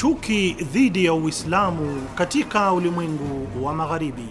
chuki dhidi ya Uislamu katika ulimwengu wa Magharibi.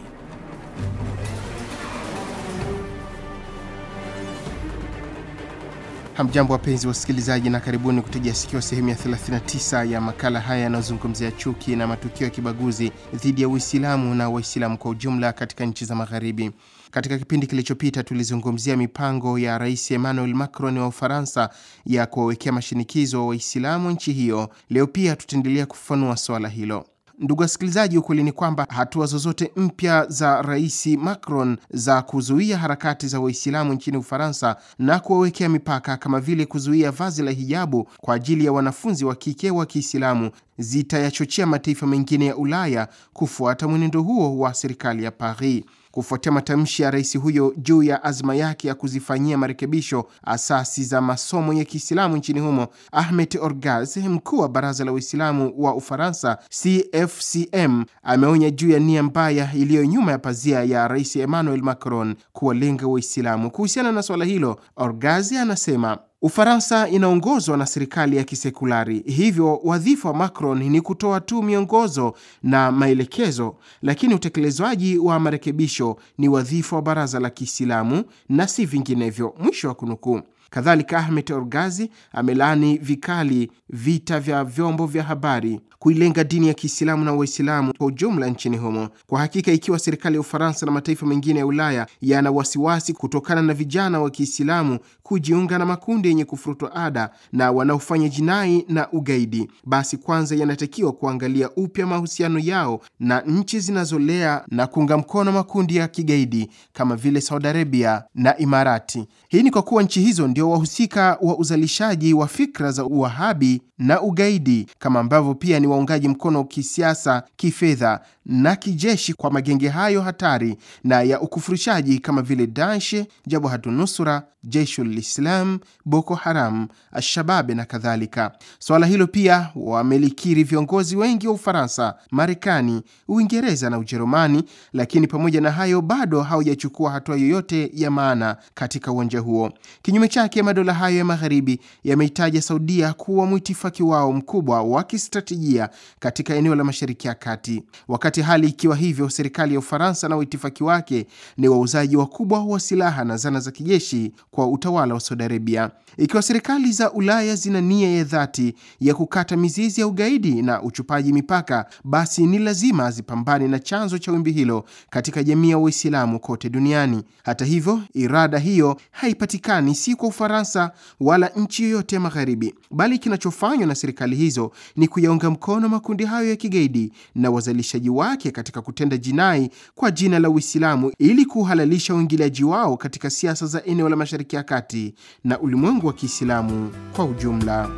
Hamjambo wapenzi wa usikilizaji na karibuni kutegea sikio sehemu ya 39 ya makala haya yanayozungumzia chuki na matukio ya kibaguzi dhidi ya Uislamu na Waislamu kwa ujumla katika nchi za Magharibi. Katika kipindi kilichopita tulizungumzia mipango ya Rais Emmanuel Macron wa Ufaransa ya kuwawekea mashinikizo wa Waislamu nchi hiyo. Leo pia tutaendelea kufafanua swala hilo. Ndugu wasikilizaji, ukweli ni kwamba hatua zozote mpya za Rais Macron za kuzuia harakati za Waislamu nchini Ufaransa na kuwawekea mipaka kama vile kuzuia vazi la hijabu kwa ajili ya wanafunzi wa kike wa Kiislamu zitayachochea mataifa mengine ya Ulaya kufuata mwenendo huo wa serikali ya Paris kufuatia matamshi ya rais huyo juu ya azma yake ya kuzifanyia marekebisho asasi za masomo ya Kiislamu nchini humo. Ahmed Orgaz, mkuu wa baraza la Uislamu wa Ufaransa CFCM, ameonya juu ya nia mbaya iliyo nyuma ya pazia ya rais Emmanuel Macron kuwalenga Waislamu. Kuhusiana na suala hilo, Orgaz anasema Ufaransa inaongozwa na serikali ya kisekulari, hivyo wadhifa wa Macron ni kutoa tu miongozo na maelekezo, lakini utekelezwaji wa marekebisho ni wadhifa wa baraza la Kiislamu na si vinginevyo. Mwisho wa kunukuu. Kadhalika, Ahmed Orgazi amelaani vikali vita vya vyombo vya habari kuilenga dini ya Kiislamu na Waislamu kwa ujumla nchini humo. Kwa hakika, ikiwa serikali ya Ufaransa na mataifa mengine ya Ulaya yana wasiwasi kutokana na vijana wa Kiislamu kujiunga na makundi yenye kufurutwa ada na wanaofanya jinai na ugaidi, basi kwanza yanatakiwa kuangalia upya mahusiano yao na nchi zinazolea na kuunga mkono makundi ya kigaidi kama vile Saudi Arabia na Imarati. Hii ni kwa kuwa nchi hizo ndio wahusika wa uzalishaji wa fikra za uwahabi na ugaidi, kama ambavyo pia ni waungaji mkono kisiasa, kifedha na kijeshi kwa magenge hayo hatari na ya ukufurishaji kama vile Daesh, Jabhatu Nusra, Jeshul Islam, Boko Haram, Alshababe na kadhalika. Swala hilo pia wamelikiri viongozi wengi wa Ufaransa, Marekani, Uingereza na Ujerumani, lakini pamoja na hayo bado haujachukua hatua yoyote ya maana katika uwanja huo. Kinyume chake yake madola hayo ya magharibi yameitaja Saudia kuwa mwitifaki wao mkubwa wa kistratejia katika eneo la Mashariki ya Kati. Wakati hali ikiwa hivyo, serikali ya Ufaransa na waitifaki wake ni wauzaji wakubwa wa silaha na zana za kijeshi kwa utawala wa Saudi Arabia. Ikiwa serikali za Ulaya zina nia ya dhati ya kukata mizizi ya ugaidi na uchupaji mipaka, basi ni lazima zipambane na chanzo cha wimbi hilo katika jamii ya Waislamu kote duniani. Hata hivyo, irada hiyo haipatikani si kwa Ufaransa wala nchi yoyote ya Magharibi, bali kinachofanywa na serikali hizo ni kuyaunga mkono makundi hayo ya kigaidi na wazalishaji wake katika kutenda jinai kwa jina la Uislamu ili kuhalalisha uingiliaji wao katika siasa za eneo la Mashariki ya Kati na ulimwengu wa Kiislamu kwa ujumla.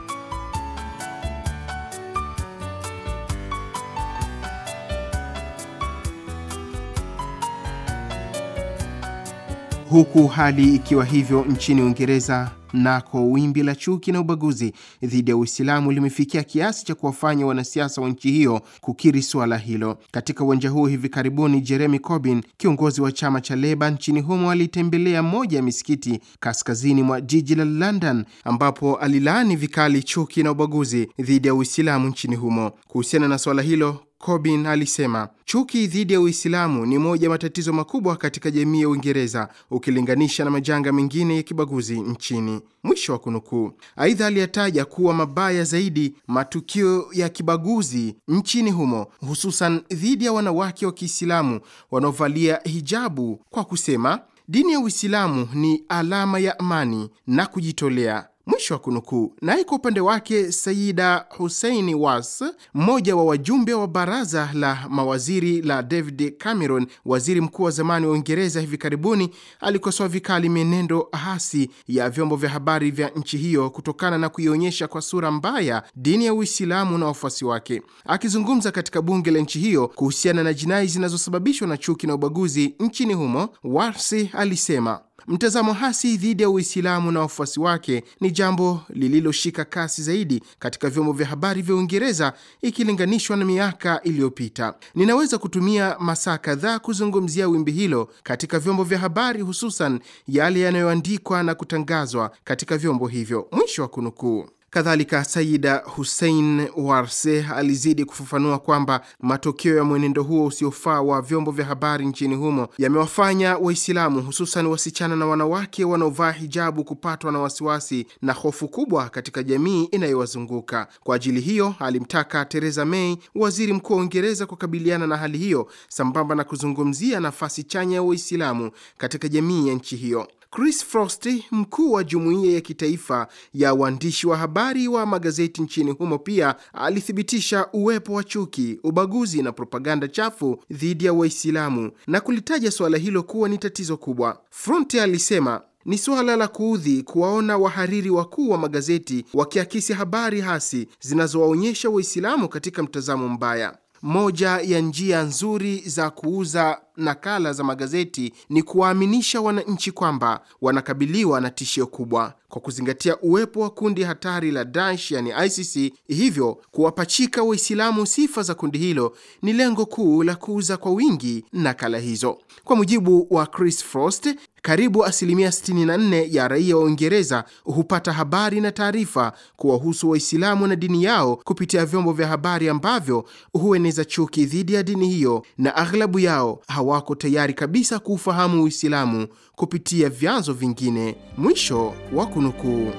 Huku hali ikiwa hivyo nchini Uingereza, nako wimbi la chuki na ubaguzi dhidi ya Uislamu limefikia kiasi cha kuwafanya wanasiasa wa nchi hiyo kukiri suala hilo. Katika uwanja huo, hivi karibuni, Jeremy Corbyn, kiongozi wa chama cha Leba nchini humo, alitembelea moja ya misikiti kaskazini mwa jiji la London, ambapo alilaani vikali chuki na ubaguzi dhidi ya Uislamu nchini humo. Kuhusiana na suala hilo Corbyn alisema chuki dhidi ya Uislamu ni moja ya matatizo makubwa katika jamii ya Uingereza ukilinganisha na majanga mengine ya kibaguzi nchini. Mwisho wa kunukuu. Aidha, aliyataja kuwa mabaya zaidi matukio ya kibaguzi nchini humo, hususan dhidi ya wanawake wa Kiislamu wanaovalia hijabu kwa kusema dini ya Uislamu ni alama ya amani na kujitolea Mwisho wa kunukuu. Naye kwa upande wake saida Huseini Was, mmoja wa wajumbe wa baraza la mawaziri la David Cameron, waziri mkuu wa zamani wa Uingereza, hivi karibuni alikosoa vikali mienendo hasi ya vyombo vya habari vya nchi hiyo kutokana na kuionyesha kwa sura mbaya dini ya Uislamu na wafuasi wake. Akizungumza katika bunge la nchi hiyo kuhusiana na jinai zinazosababishwa na chuki na ubaguzi nchini humo, Warsi alisema Mtazamo hasi dhidi ya Uislamu na wafuasi wake ni jambo lililoshika kasi zaidi katika vyombo vya habari vya Uingereza ikilinganishwa na miaka iliyopita. Ninaweza kutumia masaa kadhaa kuzungumzia wimbi hilo katika vyombo vya habari, hususan yale yanayoandikwa na kutangazwa katika vyombo hivyo. Mwisho wa kunukuu. Kadhalika, saida Hussein Warse alizidi kufafanua kwamba matokeo ya mwenendo huo usiofaa wa vyombo vya habari nchini humo yamewafanya Waislamu hususan wasichana na wanawake wanaovaa hijabu kupatwa na wasiwasi na hofu kubwa katika jamii inayowazunguka. Kwa ajili hiyo, alimtaka Theresa May, waziri mkuu wa Uingereza, kukabiliana na hali hiyo sambamba na kuzungumzia nafasi chanya ya Waislamu katika jamii ya nchi hiyo. Chris Frost, mkuu wa jumuiya ya kitaifa ya waandishi wa habari wa magazeti nchini humo, pia alithibitisha uwepo wa chuki, ubaguzi na propaganda chafu dhidi ya Waislamu na kulitaja suala hilo kuwa ni tatizo kubwa. Fronte alisema ni suala la kuudhi kuwaona wahariri wakuu wa magazeti wakiakisi habari hasi zinazowaonyesha Waislamu katika mtazamo mbaya. Moja ya njia nzuri za kuuza nakala za magazeti ni kuwaaminisha wananchi kwamba wanakabiliwa na tishio kubwa kwa kuzingatia uwepo wa kundi hatari la Daesh yani ICC. Hivyo kuwapachika Waislamu sifa za kundi hilo ni lengo kuu la kuuza kwa wingi nakala hizo. Kwa mujibu wa Chris Frost, karibu asilimia 64 ya raia wa Uingereza hupata habari na taarifa kuwahusu Waislamu na dini yao kupitia vyombo vya habari ambavyo hueneza chuki dhidi ya dini hiyo, na aghlabu yao hawako tayari kabisa kuufahamu Uislamu kupitia vyanzo vingine. Mwisho wa kunukuu.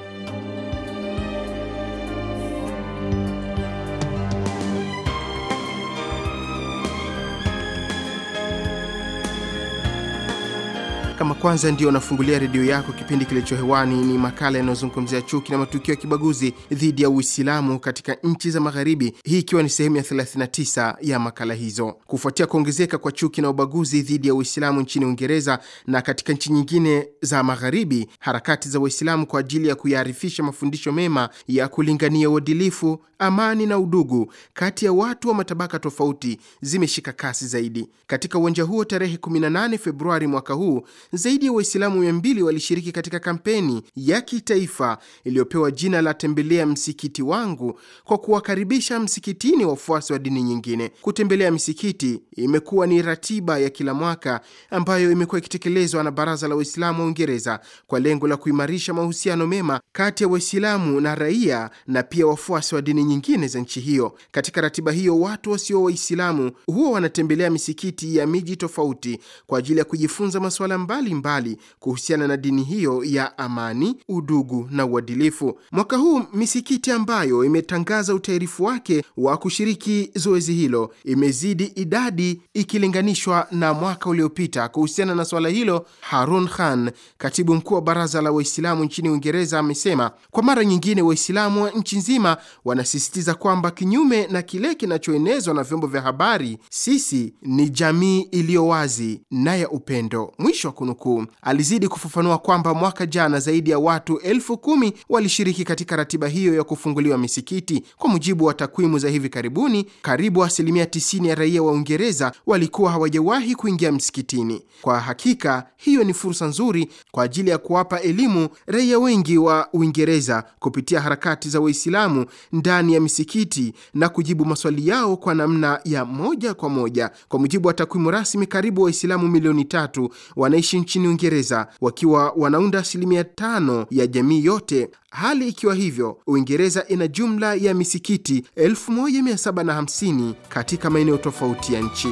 kwanza ndiyo unafungulia redio yako, kipindi kilicho hewani ni makala yanayozungumzia chuki na matukio ya kibaguzi dhidi ya Uislamu katika nchi za Magharibi, hii ikiwa ni sehemu ya 39 ya makala hizo. Kufuatia kuongezeka kwa chuki na ubaguzi dhidi ya Uislamu nchini Uingereza na katika nchi nyingine za Magharibi, harakati za Waislamu kwa ajili ya kuyaarifisha mafundisho mema ya kulingania uadilifu, amani na udugu kati ya watu wa matabaka tofauti zimeshika kasi zaidi. Katika uwanja huo, tarehe 18 Februari mwaka huu zaidi zaidi ya wa Waislamu 200 walishiriki katika kampeni ya kitaifa iliyopewa jina la tembelea msikiti wangu kwa kuwakaribisha msikitini wafuasi wa dini nyingine. Kutembelea misikiti imekuwa ni ratiba ya kila mwaka ambayo imekuwa ikitekelezwa na Baraza la Waislamu wa Uingereza kwa lengo la kuimarisha mahusiano mema kati ya Waislamu na raia na pia wafuasi wa dini nyingine za nchi hiyo. Katika ratiba hiyo, watu wasio Waislamu huwa wanatembelea misikiti ya miji tofauti kwa ajili ya kujifunza masuala mbalimbali mbalimbali kuhusiana na dini hiyo ya amani, udugu na uadilifu. Mwaka huu misikiti ambayo imetangaza utaarifu wake wa kushiriki zoezi hilo imezidi idadi ikilinganishwa na mwaka uliopita. Kuhusiana na swala hilo, Harun Khan, katibu mkuu wa baraza la Waislamu nchini Uingereza, amesema kwa mara nyingine Waislamu wa nchi nzima wanasisitiza kwamba kinyume na kile kinachoenezwa na vyombo vya habari, sisi ni jamii iliyo wazi na ya upendo. Mwisho wa kunukuu. Alizidi kufafanua kwamba mwaka jana zaidi ya watu elfu kumi walishiriki katika ratiba hiyo ya kufunguliwa misikiti. Kwa mujibu wa takwimu za hivi karibuni, karibu asilimia 90 ya raia wa Uingereza walikuwa hawajawahi kuingia msikitini. Kwa hakika, hiyo ni fursa nzuri kwa ajili ya kuwapa elimu raia wengi wa Uingereza kupitia harakati za Waislamu ndani ya misikiti na kujibu maswali yao kwa namna ya moja kwa moja. Kwa mujibu wa takwimu rasmi, karibu Waislamu milioni tatu wanaishi nchini Uingereza, wakiwa wanaunda asilimia tano ya jamii yote. Hali ikiwa hivyo, Uingereza ina jumla ya misikiti 1750 katika maeneo tofauti ya nchi.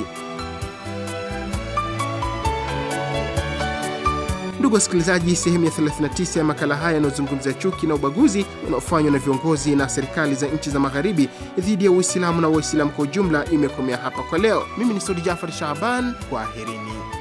Ndugu wasikilizaji, sehemu ya 39 ya makala haya yanayozungumzia chuki na ubaguzi unaofanywa na viongozi na serikali za nchi za magharibi dhidi ya Uislamu na Waislamu kwa ujumla imekomea hapa kwa leo. Mimi ni sodi Jafar Shahaban, kwaherini.